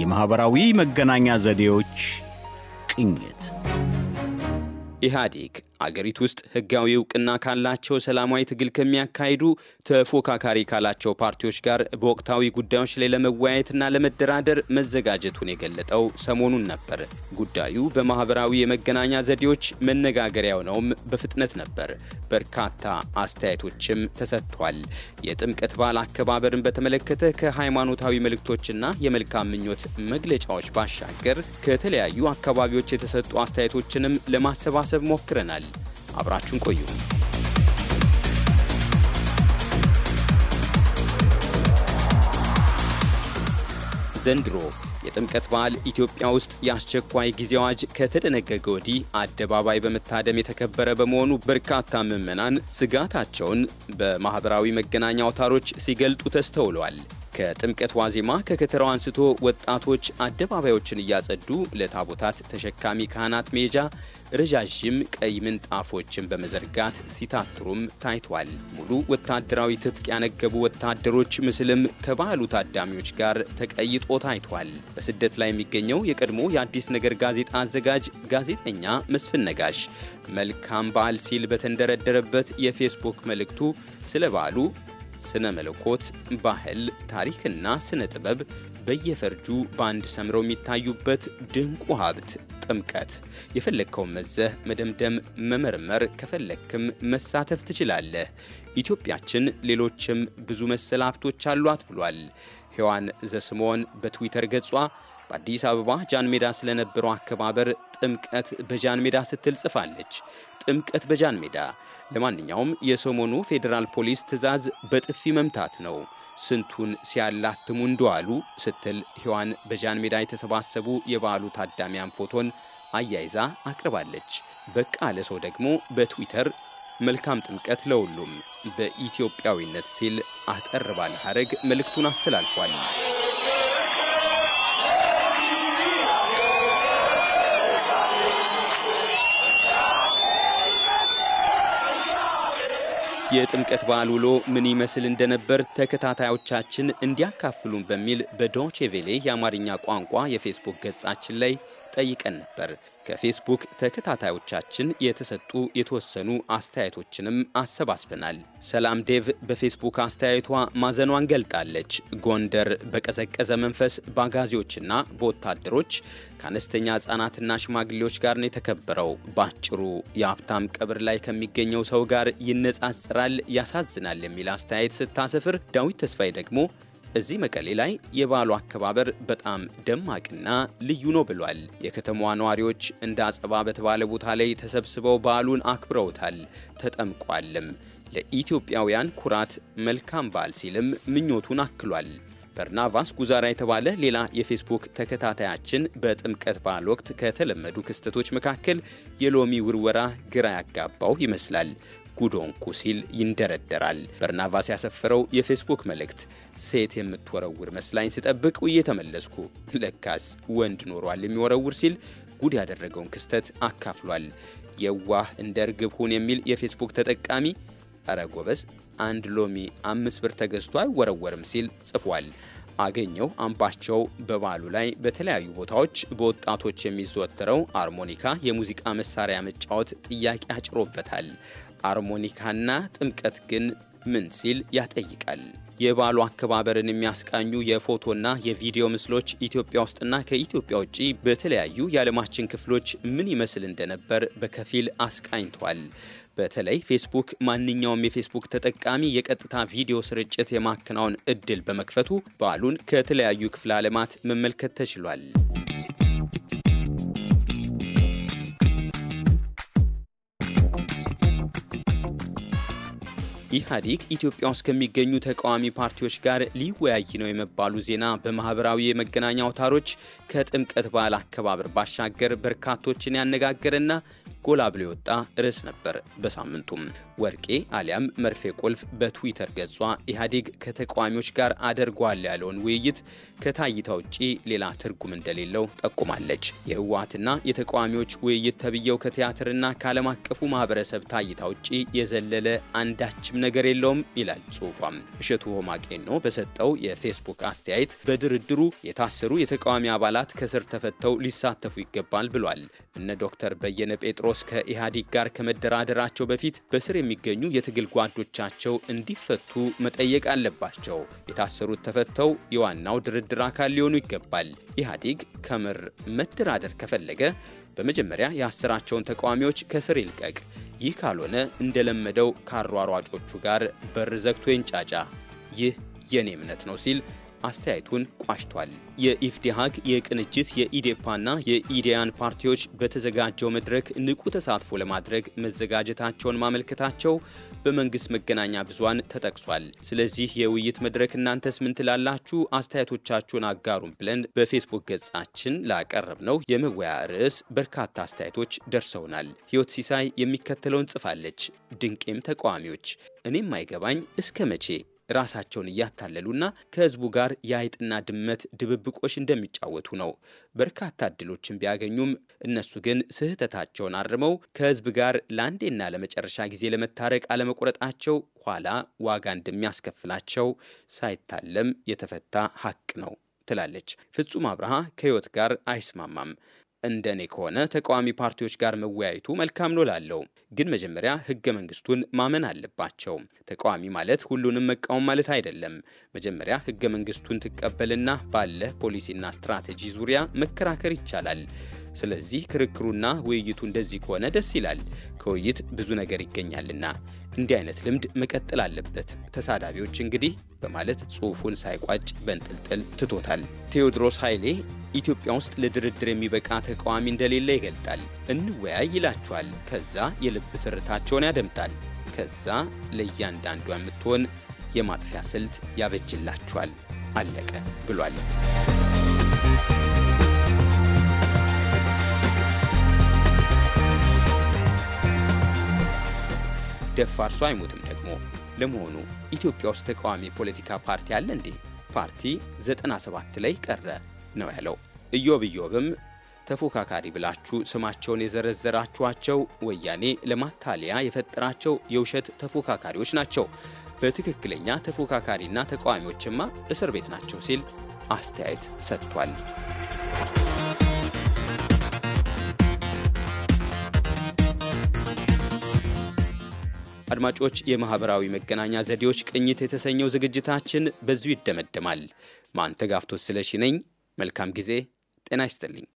የማኅበራዊ መገናኛ ዘዴዎች ቅኝት ኢህአዲግ አገሪቱ ውስጥ ህጋዊ እውቅና ካላቸው ሰላማዊ ትግል ከሚያካሂዱ ተፎካካሪ ካላቸው ፓርቲዎች ጋር በወቅታዊ ጉዳዮች ላይ ለመወያየትና ለመደራደር መዘጋጀቱን የገለጠው ሰሞኑን ነበር። ጉዳዩ በማህበራዊ የመገናኛ ዘዴዎች መነጋገሪያ ሆነውም በፍጥነት ነበር። በርካታ አስተያየቶችም ተሰጥቷል። የጥምቀት በዓል አከባበርን በተመለከተ ከሃይማኖታዊ መልእክቶችና የመልካም ምኞት መግለጫዎች ባሻገር ከተለያዩ አካባቢዎች የተሰጡ አስተያየቶችንም ለማሰባሰብ ሞክረናል። አብራችሁን ቆዩ። ዘንድሮ የጥምቀት በዓል ኢትዮጵያ ውስጥ የአስቸኳይ ጊዜ አዋጅ ከተደነገገ ወዲህ አደባባይ በመታደም የተከበረ በመሆኑ በርካታ ምዕመናን ስጋታቸውን በማኅበራዊ መገናኛ አውታሮች ሲገልጡ ተስተውለዋል። ከጥምቀት ዋዜማ ከከተራው አንስቶ ወጣቶች አደባባዮችን እያጸዱ ለታቦታት ተሸካሚ ካህናት መሄጃ ረዣዥም ቀይ ምንጣፎችን በመዘርጋት ሲታትሩም ታይቷል። ሙሉ ወታደራዊ ትጥቅ ያነገቡ ወታደሮች ምስልም ከባህሉ ታዳሚዎች ጋር ተቀይጦ ታይቷል። በስደት ላይ የሚገኘው የቀድሞ የአዲስ ነገር ጋዜጣ አዘጋጅ ጋዜጠኛ መስፍን ነጋሽ መልካም በዓል ሲል በተንደረደረበት የፌስቡክ መልእክቱ ስለ በዓሉ ስነ መለኮት፣ ባህል፣ ታሪክና ስነ ጥበብ በየፈርጁ በአንድ ሰምረው የሚታዩበት ድንቁ ሀብት ጥምቀት። የፈለግከውን መዘህ መደምደም፣ መመርመር ከፈለግክም መሳተፍ ትችላለህ። ኢትዮጵያችን ሌሎችም ብዙ መሰል ሀብቶች አሏት ብሏል ሔዋን ዘስምዖን በትዊተር ገጿ በአዲስ አበባ ጃን ሜዳ ስለነበረው አከባበር ጥምቀት በጃንሜዳ ስትል ጽፋለች። ጥምቀት በጃን ሜዳ። ለማንኛውም የሰሞኑ ፌዴራል ፖሊስ ትዕዛዝ በጥፊ መምታት ነው፣ ስንቱን ሲያላትሙ እንደዋሉ ስትል ሕዋን በጃንሜዳ የተሰባሰቡ የበዓሉ ታዳሚያን ፎቶን አያይዛ አቅርባለች። በቃ ለሰው ደግሞ በትዊተር መልካም ጥምቀት ለሁሉም በኢትዮጵያዊነት ሲል አጠር ባለ ሐረግ መልእክቱን አስተላልፏል። የጥምቀት በዓል ውሎ ምን ይመስል እንደነበር ተከታታዮቻችን እንዲያካፍሉን በሚል በዶቼ ቬሌ የአማርኛ ቋንቋ የፌስቡክ ገጻችን ላይ ጠይቀን ነበር። ከፌስቡክ ተከታታዮቻችን የተሰጡ የተወሰኑ አስተያየቶችንም አሰባስበናል። ሰላም ዴቭ በፌስቡክ አስተያየቷ ማዘኗን ገልጣለች። ጎንደር በቀዘቀዘ መንፈስ በአጋዚዎችና በወታደሮች ከአነስተኛ ሕጻናትና ሽማግሌዎች ጋር ነው የተከበረው። በአጭሩ የሀብታም ቀብር ላይ ከሚገኘው ሰው ጋር ይነጻጽራል፣ ያሳዝናል የሚል አስተያየት ስታሰፍር፣ ዳዊት ተስፋዬ ደግሞ እዚህ መቀሌ ላይ የበዓሉ አከባበር በጣም ደማቅና ልዩ ነው ብሏል። የከተማዋ ነዋሪዎች እንደ አጸባ በተባለ ቦታ ላይ ተሰብስበው በዓሉን አክብረውታል፣ ተጠምቋልም። ለኢትዮጵያውያን ኩራት መልካም በዓል ሲልም ምኞቱን አክሏል። በርናባስ ጉዛራ የተባለ ሌላ የፌስቡክ ተከታታያችን በጥምቀት በዓል ወቅት ከተለመዱ ክስተቶች መካከል የሎሚ ውርወራ ግራ ያጋባው ይመስላል። ጉዶንኩ ሲል ይንደረደራል። በርናባስ ያሰፈረው የፌስቡክ መልእክት ሴት የምትወረውር መስላኝ ስጠብቅ እየተመለስኩ ለካስ ወንድ ኖሯል የሚወረውር ሲል ጉድ ያደረገውን ክስተት አካፍሏል። የዋህ እንደ እርግብ ሁን የሚል የፌስቡክ ተጠቃሚ እረ ጎበዝ አንድ ሎሚ አምስት ብር ተገዝቶ አይወረወርም ሲል ጽፏል። አገኘው አምባቸው በባሉ ላይ በተለያዩ ቦታዎች በወጣቶች የሚዘወትረው አርሞኒካ የሙዚቃ መሳሪያ መጫወት ጥያቄ አጭሮበታል። አርሞኒካና ጥምቀት ግን ምን ሲል ያጠይቃል። የባሉ አከባበርን የሚያስቃኙ የፎቶና የቪዲዮ ምስሎች ኢትዮጵያ ውስጥና ከኢትዮጵያ ውጭ በተለያዩ የዓለማችን ክፍሎች ምን ይመስል እንደነበር በከፊል አስቃኝቷል። በተለይ ፌስቡክ ማንኛውም የፌስቡክ ተጠቃሚ የቀጥታ ቪዲዮ ስርጭት የማከናወን እድል በመክፈቱ በዓሉን ከተለያዩ ክፍለ ዓለማት መመልከት ተችሏል። Thank you. ኢህአዴግ ኢትዮጵያ ውስጥ ከሚገኙ ተቃዋሚ ፓርቲዎች ጋር ሊወያይ ነው የመባሉ ዜና በማህበራዊ የመገናኛ አውታሮች ከጥምቀት በዓል አከባበር ባሻገር በርካቶችን ያነጋገረና ጎላ ብሎ የወጣ ርዕስ ነበር። በሳምንቱም ወርቄ አሊያም መርፌ ቁልፍ በትዊተር ገጿ ኢህአዴግ ከተቃዋሚዎች ጋር አደርጓል ያለውን ውይይት ከታይታ ውጪ ሌላ ትርጉም እንደሌለው ጠቁማለች። የህወሓትና የተቃዋሚዎች ውይይት ተብየው ከቲያትርና ከዓለም አቀፉ ማህበረሰብ ታይታ ውጪ የዘለለ አንዳችም የሚያስገድም ነገር የለውም ይላል ጽሁፏም። እሸቱ ሆማቄኖ በሰጠው የፌስቡክ አስተያየት በድርድሩ የታሰሩ የተቃዋሚ አባላት ከስር ተፈተው ሊሳተፉ ይገባል ብሏል። እነ ዶክተር በየነ ጴጥሮስ ከኢህአዴግ ጋር ከመደራደራቸው በፊት በስር የሚገኙ የትግል ጓዶቻቸው እንዲፈቱ መጠየቅ አለባቸው። የታሰሩት ተፈተው የዋናው ድርድር አካል ሊሆኑ ይገባል። ኢህአዴግ ከምር መደራደር ከፈለገ በመጀመሪያ የአስራቸውን ተቃዋሚዎች ከስር ይልቀቅ። ይህ ካልሆነ እንደለመደው ከአሯሯጮቹ ጋር በር ዘግቶ ይንጫጫ። ይህ የኔ እምነት ነው ሲል አስተያየቱን ቋጭቷል። የኢፍዲሃግ የቅንጅት የኢዴፓና የኢዲያን ፓርቲዎች በተዘጋጀው መድረክ ንቁ ተሳትፎ ለማድረግ መዘጋጀታቸውን ማመልከታቸው በመንግስት መገናኛ ብዙሃን ተጠቅሷል። ስለዚህ የውይይት መድረክ እናንተስ ምን ትላላችሁ? አስተያየቶቻችሁን አጋሩን ብለን በፌስቡክ ገጻችን ነው የመወያ ርዕስ በርካታ አስተያየቶች ደርሰውናል። ህይወት ሲሳይ የሚከተለውን ጽፋለች። ድንቄም ተቃዋሚዎች እኔም አይገባኝ እስከ መቼ ራሳቸውን እያታለሉና ከህዝቡ ጋር የአይጥና ድመት ድብብቆች እንደሚጫወቱ ነው። በርካታ እድሎችን ቢያገኙም እነሱ ግን ስህተታቸውን አርመው ከህዝብ ጋር ለአንዴና ለመጨረሻ ጊዜ ለመታረቅ አለመቁረጣቸው ኋላ ዋጋ እንደሚያስከፍላቸው ሳይታለም የተፈታ ሀቅ ነው ትላለች ፍጹም አብርሃ። ከህይወት ጋር አይስማማም። እንደኔ ከሆነ ተቃዋሚ ፓርቲዎች ጋር መወያየቱ መልካም ነው ላለው፣ ግን መጀመሪያ ህገ መንግስቱን ማመን አለባቸው። ተቃዋሚ ማለት ሁሉንም መቃወም ማለት አይደለም። መጀመሪያ ህገ መንግስቱን ትቀበልና ባለ ፖሊሲና ስትራቴጂ ዙሪያ መከራከር ይቻላል። ስለዚህ ክርክሩና ውይይቱ እንደዚህ ከሆነ ደስ ይላል። ከውይይት ብዙ ነገር ይገኛልና እንዲህ አይነት ልምድ መቀጠል አለበት፣ ተሳዳቢዎች እንግዲህ በማለት ጽሑፉን ሳይቋጭ በንጥልጥል ትቶታል። ቴዎድሮስ ኃይሌ ኢትዮጵያ ውስጥ ለድርድር የሚበቃ ተቃዋሚ እንደሌለ ይገልጣል። እንወያይ ይላቸዋል። ከዛ የልብ ትርታቸውን ያደምጣል። ከዛ ለእያንዳንዷ የምትሆን የማጥፊያ ስልት ያበጅላቸዋል። አለቀ ብሏል። ደፋር ሰው አይሞትም ደግሞ። ለመሆኑ ኢትዮጵያ ውስጥ ተቃዋሚ የፖለቲካ ፓርቲ አለ እንዴ? ፓርቲ 97 ላይ ቀረ ነው ያለው። እዮብ እዮብም ተፎካካሪ ብላችሁ ስማቸውን የዘረዘራችኋቸው ወያኔ ለማታለያ የፈጠራቸው የውሸት ተፎካካሪዎች ናቸው። በትክክለኛ ተፎካካሪና ተቃዋሚዎችማ እስር ቤት ናቸው ሲል አስተያየት ሰጥቷል። አድማጮች፣ የማህበራዊ መገናኛ ዘዴዎች ቅኝት የተሰኘው ዝግጅታችን በዚሁ ይደመደማል። ማንተጋፍቶት ስለሺ ነኝ። መልካም ጊዜ። ጤና ይስጥልኝ።